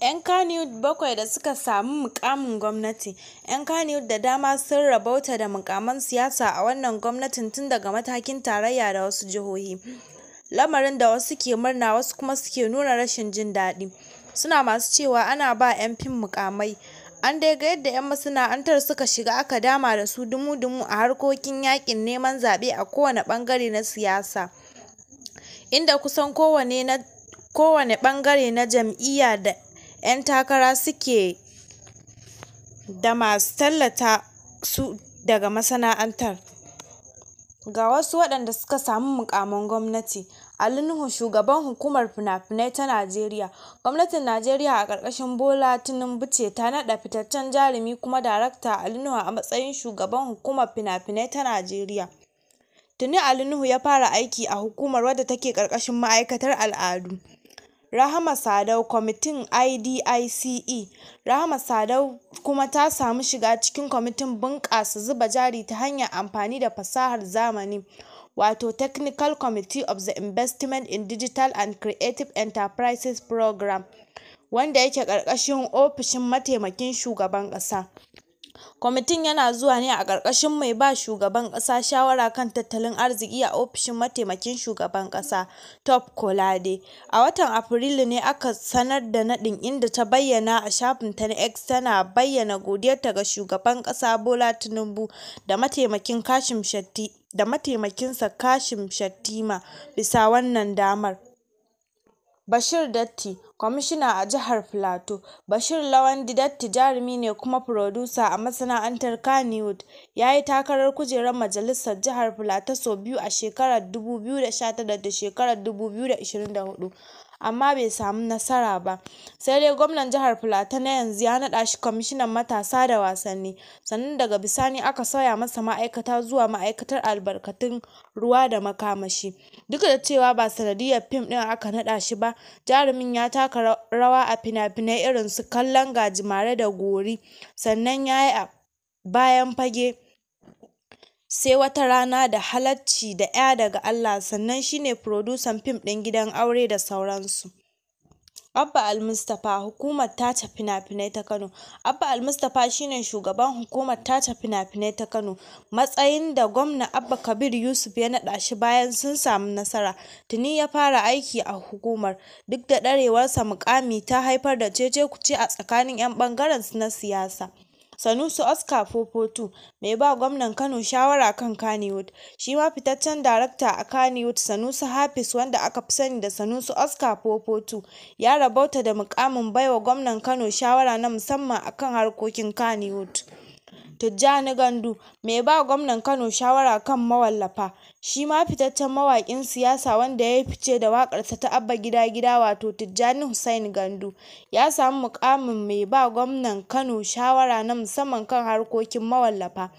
'yan kannywood bakwai da suka samu mukamin gwamnati 'yan kannywood da dama sun rabauta da mukaman siyasa a wannan gwamnatin tun daga matakin tarayya da wasu jihohi lamarin da wasu ke murna wasu kuma suke nuna rashin jin daɗi suna masu cewa ana ba 'yan fin mukamai an dai ga yadda 'yan masana'antar suka shiga aka dama da su dumu-dumu a harkokin yakin neman zaɓe a kowane ɓangare na siyasa inda kusan kowane na ɓangare na jam'iyya da 'yan takara suke da masu tallata su daga masana'antar. Ga wasu waɗanda suka samu muƙaman gwamnati: Ali Nuhu shugaban Hukumar Fina-finai ta Najeriya. Gwamnatin Najeriya a ƙarƙashin Bola Tinubu ce ta naɗa fitaccen jarumi kuma darakta Ali Nuhu a matsayin shugaban Hukumar Fina-finai ta Najeriya. Tuni Ali Nuhu ya fara aiki a hukumar wadda take ƙarƙashin Ma'aikatar Al'adu. Rahama Sadau Kwamitin IDICE. Rahama Sadau kuma ta samu shiga cikin Kwamitin Bunƙasa Zuba Jari ta hanyar Amfani da Fasahar Zamani, wato Technical Committee of the Investment in Digital and Creative Enterprises Program wanda yake ƙarƙashin ofishin Mataimakin Shugaban ƙasa. Kwamitin yana zuwa ne a ƙarƙashin mai ba shugaban ƙasa shawara kan tattalin arziki a ofishin mataimakin shugaban ƙasa, top kolade A watan Afrilu ne aka sanar da naɗin inda ta bayyana a shafinta na X tana bayyana godiyarta ga Shugaban ƙasa Bola Tinubu da mataimakin Kashim Shettima bisa wannan damar. Bashir Datti, kwamishina a jihar Filato. Bashir Lawandi Datti jarumi ne kuma furodusa a masana'antar Kannywood. Ya yi takarar kujerar majalisar jihar Filato sau biyu a shekarar 2019 da shekarar 2024. amma bai samu nasara ba sai dai gwamnan jihar Filato na yanzu ya naɗa shi kwamishinan matasa da wasanni sannan daga bisani aka sauya masa ma'aikata zuwa ma'aikatar albarkatun ruwa da makamashi duk da cewa ba sanadiyar fim din aka naɗa shi ba jarumin ya taka rawa a fina-finai irin su kallon gajimare da gori sannan ya yi a bayan fage Sai wata rana da Halacci da ‘ya daga Allah sannan shi ne furodusan fim ɗin Gidan Aure da sauransu. Abba Al-Mustapha Hukumar Tace Fina-finai ta Kano Abba Al-Mustapha shine shugaban Hukumar Tace Fina-finai ta Kano matsayin da gwamna Abba Kabir Yusuf ya naɗa shi bayan sun samu nasara tuni ya fara aiki a hukumar duk da ɗarewarsa mukami ta haifar da cece kuce a tsakanin 'yan ɓangaren na siyasa. Sanusi Oscar Fofotu mai ba gwamnan Kano shawara kan Kannywood. Shi ma fitaccen darakta a Kannywood Sanusi hafis wanda aka fi sani da Sanusi Oscar Fofotu ya rabauta da mukamin baiwa gwamnan Kano shawara na musamman akan harkokin Kannywood. Tijjani Gandu, mai ba gwamnan Kano shawara kan mawallafa, shi ma fitaccen mawaƙin siyasa wanda ya yi fice da waƙarsa ta "Abba Gida Gida" wato Tijjani Hussein Gandu, ya samu mukamin mai ba gwamnan Kano shawara na musamman kan harkokin mawallafa.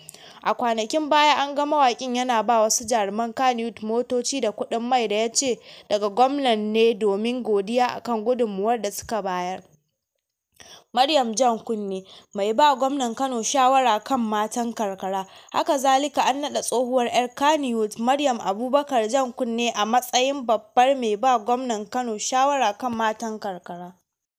A kwanakin baya an ga mawaƙin yana ba wasu jaruman kanyut motoci da kuɗin mai da ya ce daga gwamnan ne domin godiya akan gudunmuwar da suka bayar. Maryam jan kunne mai ba gwamnan Kano shawara kan matan karkara. Haka zalika an naɗa tsohuwar 'yar Kannywood Maryam Abubakar jan kunne a matsayin babbar mai ba gwamnan Kano shawara kan matan karkara.